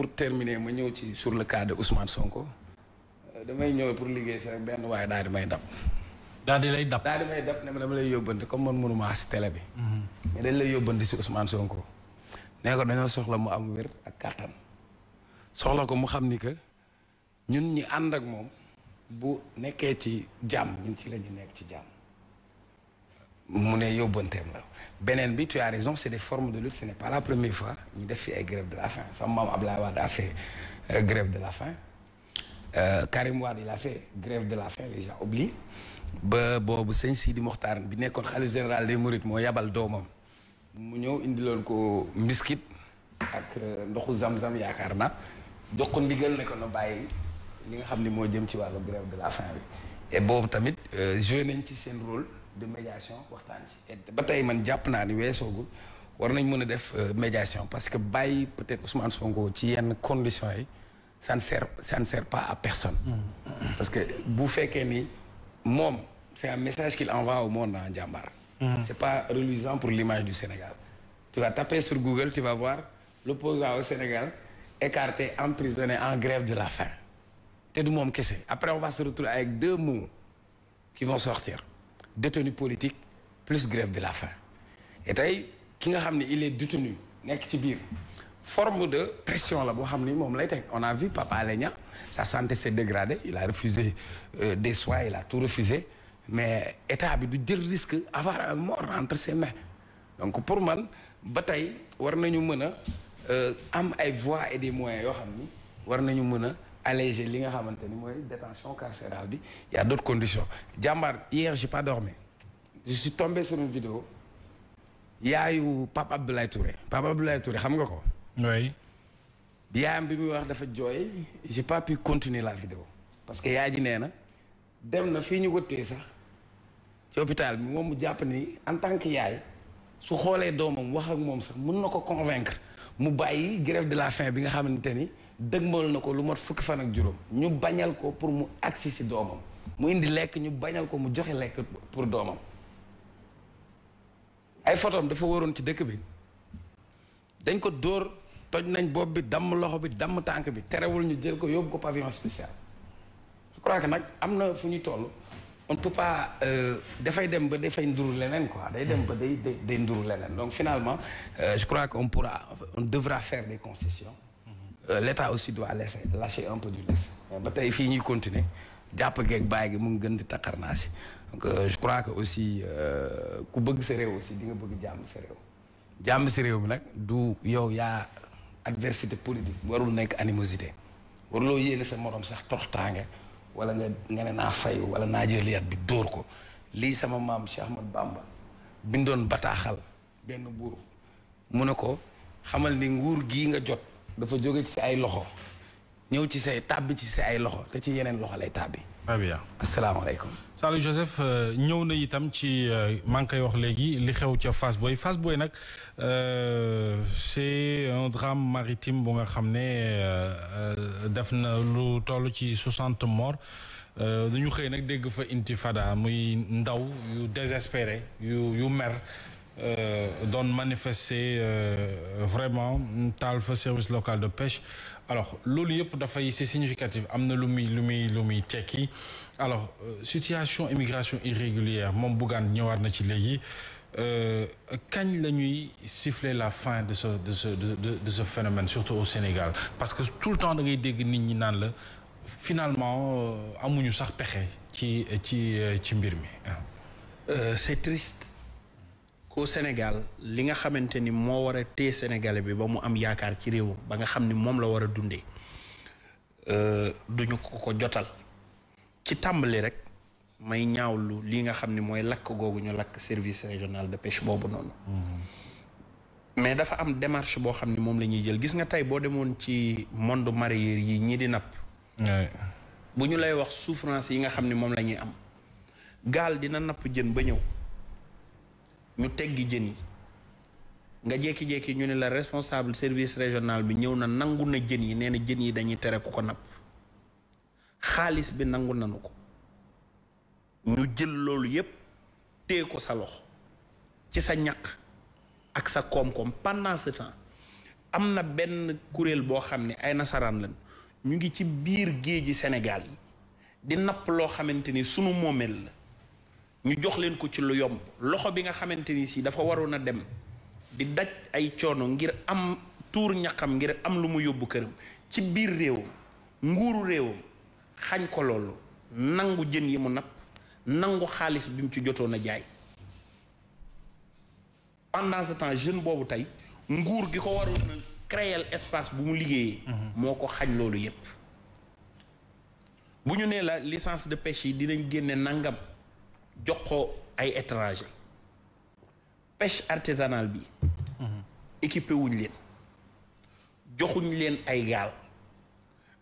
pour terminer ma ñëw ci sur le cas de Ousmane Sonko euh, damay ñëw pour liggéey si rek benn waaye daal di may dab. daal di lay dab daal di may dab ne ma dama lay yóbbante comme man mënu maa si télé bi. Mhm. mais dañ lay yóbbante si Ousmane Sonko. nee ko dañoo soxla mu am wér ak kàttan soxla ko mu xam ni que ñun ñi ànd ak moom bu nekkee ci jàmm ñun ci la nekk ci jàmm. mu ne yóbbanteem la beneen bi tu as raison c' est des formes de lutte ce n' est pas la première fois ñu def fi ay grève de la faim sama maam Abdoulaye Wade a fait euh, grève de la faim euh, Karim Wade il a fait grève de la faim les gens oublient ba boobu sëñ Sidi Mokhtar bi nekkoon xalifa général des Mourides moo yabal doomam mu ñëw indiloon ko mbiskit ak euh, ndoxu zam-zam yaakaar na jox ko ndigal ne ko na bàyyi li nga xam ni moo jëm ci wàllu grève de la faim bi et boobu tamit nañ ci seen de médiation waxtaan ci ba tey man jàpp naa ni weesoogul war nañ mën a def euh, médiation parce que bàyyi peut-être Ousmane Sonko ci yenn conditions yi sa ne sert ça ne pas à personne. Mm. parce que bu fekkee ni moom c'est un message qu'il envoie au monde en jàmbaar. Mm. c'est pas reluisant pour l'image du Sénégal. tu vas taper sur Google tu vas voir l'opposant au Sénégal écarté emprisonné en grève de la faim te du moom kese après on va se avec deux mots qui vont sortir. détenu politique plus grève de la faim et tey ki nga xam ne il est détenu nekk ci biir forme de pression la boo xam ni moom lay teg on a vu Pape Alé Niang sa santé s'est dégradée il a refusé euh, des soins il a tout refusé mais état bi du jël risque avoir un mort entre ses mains donc pour man ba tey war nañu mën a euh, am ay voies et des moyens yoo xam ni war nañu mën a alléger li nga xamante ni mooy détention carcérale bi y a d'autres conditions jàmbaar hier j'ai pas dormi je suis tombé sur une vidéo yaayu Pape Abdoulaye Touré Pape Abdoulaye Touré xam nga ko oui yaayam bi muy wax dafa jooy j'ai pas pu continuer la vidéo parce que yaay ji nee na dem na fii ñu wëttee sax ci hôpital bi moom mu jàpp ni en tant que yaay su xoolee doomam wax ak moom sax mën na ko convaincre mu bàyyi grève de la faim bi nga xamante ni dëgmal na ko lu mot fukki fan ak juróom ñu bañal ko pour mu agsi si doomam mu indi lekk ñu bañal ko mu joxe lekk pour doomam ay photom dafa waroon ci dëkk bi dañ ko dóor toj nañ bopp bi damm loxo bi damm tànk bi terewul ñu jël ko yóbbu ko pavillon spécial je crois que nag am na fu ñu toll on peut pas euh, dafay dem ba dafay nduru leneen ko day dem ba day day nduru leneen donc finalement euh, je crois que on pourra on devra faire des concessions Euh, l'État aussi doit laisser lâcher un ba tey fii ñuy continuer jàpp geeg bàyyi gi mu ngi gën di takkar si donc euh, je crois que aussi euh, ku bëgg sa réew aussi di nga bëgg jàmm sa réew jàmm si réew bi nag du yow yaa adversité politique warul nekk animosité waruloo yéene sa moroom sax toroxtaange wala nga nga ne naa fay wala naa jël bi dóor ko lii sama maam Cheikh Ahmad Bamba bindoon bataaxal benn buur mu ne ko xamal ni nguur gii nga jot dafa jóge ci ay loxo ñëw ci say tàbbi ci say ay loxo te ci yeneen loxo lay tàbbi. très bien asalaamaaleykum. Saliou Joseph euh, ñëw na itam ci euh, maa ngi koy wax léegi li xew ca Fass booy Fass booy nag euh, c'est un drame maritime bu nga xam ne def na lu toll ci soixante morts dañu xëy nag dégg fa intifada muy ndaw yu désespéré yu yu mer. Euh, doon manifester euh, vraiment taal fa service local de pêche alors loolu yëpp dafay c'est significatif am na lu muy lu muy lu muy tekki alors euh, situation immigration irrégulière moom Bougane ñëwaat na ci léegi kañ lañuy ñuy la fin de ce de de de ce phénomène surtout au Sénégal parce que tout le temps da dégg nit ñi naan la finalement amuñu sax pexe ci ci ci mbir mi c'est triste qu'au Sénégal li nga xamante ni moo war a téye sénégalais bi ba mu am yaakaar ci réewam ba nga xam ni moom la war a dundee euh, duñu ko ko jotal ci tàmbali rek may ñaawlu li nga xam ni mooy lakk googu ñu lakk service régional de pêche boobu noonu. Mm-hmm. mais dafa am démarche boo xam ni moom la ñuy jël gis nga tey boo demoon ci monde mareyeur yi ñii di napp. bu ñu lay wax souffrance yi nga xam ni moom la am. gaal dina napp jën ba ñëw. ñu tegg jën yi nga jékki-jékki ñu ne la responsable service régional bi ñëw na nangu na jën yi nee na jën yi dañuy tere ku ko napp xaalis bi nangu nanu ko ñu jël loolu yépp téye ko sa lox ci sa ñaq ak sa koom-koom pendant am na benn kuréel boo xam ne ay nasaraan lañ ñu ngi ci biir géeji Sénégal yi di napp loo xamante ni sunu moomeel la ñu jox leen ko ci lu yomb loxo bi nga xamante ni si dafa waroon a dem di daj ay coono ngir am tuur ñaxam ngir am lu mu yóbbu këram ci biir réewam nguuru réewam xañ ko loolu nangu jën yi mu nap nangu xaalis bi mu ci jotoon a jaay pendant temps jeune boobu tey nguur gi ko waroon a créer espace bu mu liggéeyee mhm. moo ko xañ loolu yépp bu ñu nee la licence de pêche yi dinañ génne nangam jox ko ay étranger pêche artisanale bi mhm. équipé wuñ leen joxuñ leen ay gaal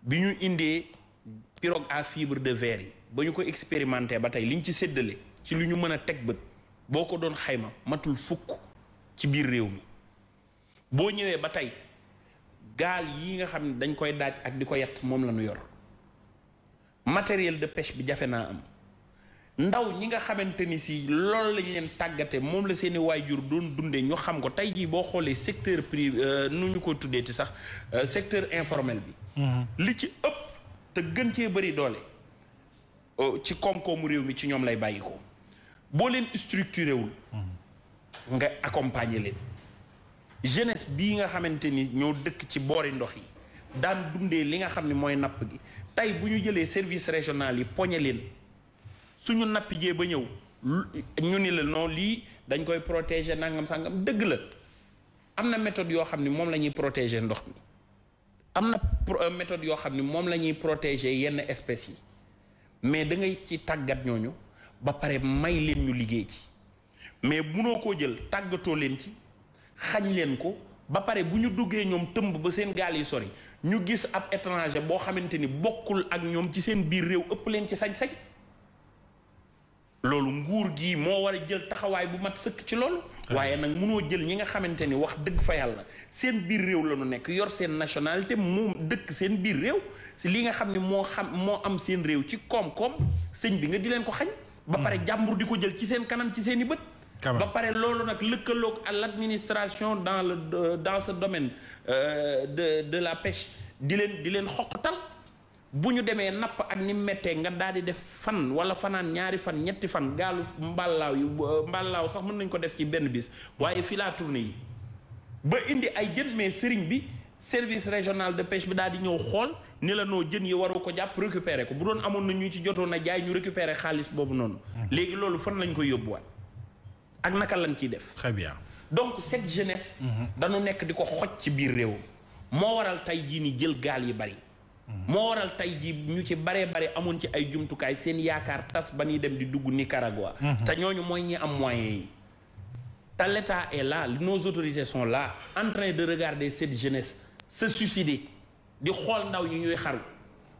bi ñu indee pirogue à fibre de verre yi ba ñu ko expérimenté ba tey liñ ci séddale ci lu ñu mën a teg bët boo ko doon xayma matul fukk ci biir réew mi boo ñëwee ba tey gaal yi nga xam ne dañ koy daaj ak di ko yatt moom la ñu yor matériel de pêche bi jafe naa am Hmm? ndaw ñi nga xamante ni si loolu lañu leen tàggate moom la seen i waajur doon dundee ñu xam ko tey jii boo xoolee secteur privé euh, nu ñu ko tuddee ci sax euh, secteur informel bi. Hmm. li ci ëpp te gën cee bëri doole euh, ci koom-koomu réew mi ci ñoom lay bàyyi ko boo leen structuré wul. Hmm. nga accompagner leen. jeunesse bi nga xamante ni ñoo dëkk ci boori ndox yi daan dundee li nga xam ni mooy napp gi tey bu ñu jëlee service régional yi poñe leen. suñu nappijee ba ñëw ñu ni la non lii dañ koy protéger nangam sangam dëgg la am na méthode yoo xam ni moom la ñuy protéger ndox mi am na euh, méthode yoo xam ni moom la ñuy protéger yenn espèces yi mais da ci tàggat ñooñu ba pare may leen ñu liggéey ci mais munoo koo jël tàggatoo leen ci xañ leen ko ba pare bu ñu duggee ñoom tëmb ba seen gaal yi sori ñu gis ab étranger boo xamante ni bokkul ak ñoom ci seen biir réew ëpp leen ci sañ-sañ loolu nguur gi moo war a jël taxawaay bu mat sëkk ci loolu ah. waaye nag munoo jël ñi nga xamante ni wax dëgg fa yàlla seen biir réew la ñu nekk yor seen nationalité moom dëkk seen biir réew si li nga xam ne moo xam moo am seen réew ci koom-koom sëñ bi nga di leen ko xañ ba hmm. pare jàmbur di ko jël ci seen kanam ci seen i bët ba pare loolu nag lëkkaloog à l' administration dans le euh, dans ce domaine euh, de de la pêche di leen di leen xoqatal bu ñu demee napp ak ni méttee nga daal di def fan wala fanaan ñaari fan ñetti fan gaalu mbàllaaw yu euh, mbàllaaw sax mën nañ ko def ci benn bis waaye fii tourne yi ba indi ay jën mee sëriñ bi service régional de pêche bi daal di ñëw xool ni la noo jën yi waru ko jàpp récupérer ko bu doon amoon na ñu ci jotoon a jaay ñu récupérer xaalis boobu noonu mm-hmm. léegi loolu fan lañ ko yóbbuwaat ak naka lañ ciy def très donc set jeunesse mm-hmm. dañu nekk di ko xoj ci biir réew moo waral tey jii ni jël gaal yi bari moo waral tey ji ñu ci baree bare amoon ci ay jumtukaay seen yaakaar tas ba ñuy dem di dugg Nicaragua. Mhm. te ñooñu mooy ñi am moyens yi. te l'État est là nos autorités sont là en train de regarder cette jeunesse se suicider di xool ndaw ñi ñuy xaru.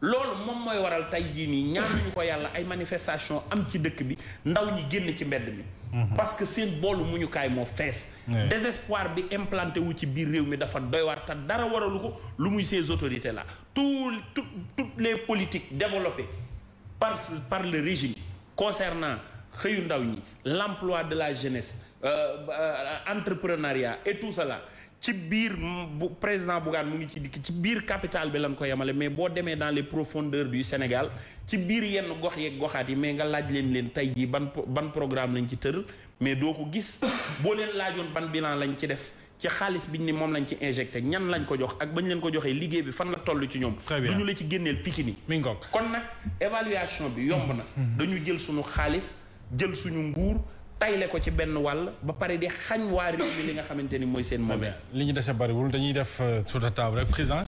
loolu moom mooy waral tey jii nii ñaanuñu ko yàlla ay manifestation am ci dëkk bi ndaw ñi génn ci mbedd mi. Mhm. parce que seen boolu mu ñu kaay moo fees. désespoir bi implanté wu ci biir réew mi dafa doy waar te dara waralu lu muy ces autorités là. tout tout toutes les politiques développé par par le régime concernant xëyu ndaw ñi l'emploi de la jeunesse euh, euh, entrepreneuriat et tout cela ci biir bu président Bougane mu ngi ci dikk ci biir capital bi lañ ko yemale mais boo demee dans les profondeurs du Sénégal ci biir yenn gox yeeg goxaat yi mais nga laaj leen leen tey jii ban ban programme lañ ci tëral mais doo ko gis boo leen laajoon ban bilan lañ ci def ci xaalis biñ ni moom lañ ci injecté ñan lañ ko jox ak bañ leen ko joxee liggéey bi fan la toll ci ñoom du ñu la ci génneel pikini mi kon na évaluation bi yomb na mm-hmm. dañu jël suñu xaalis jël suñu nguur tayle ko ci benn wàll ba pare di xañ waar réew li nga xamante ni mooy seen moomeel li ñu dese bariwul dañuy def tour euh, de table rek président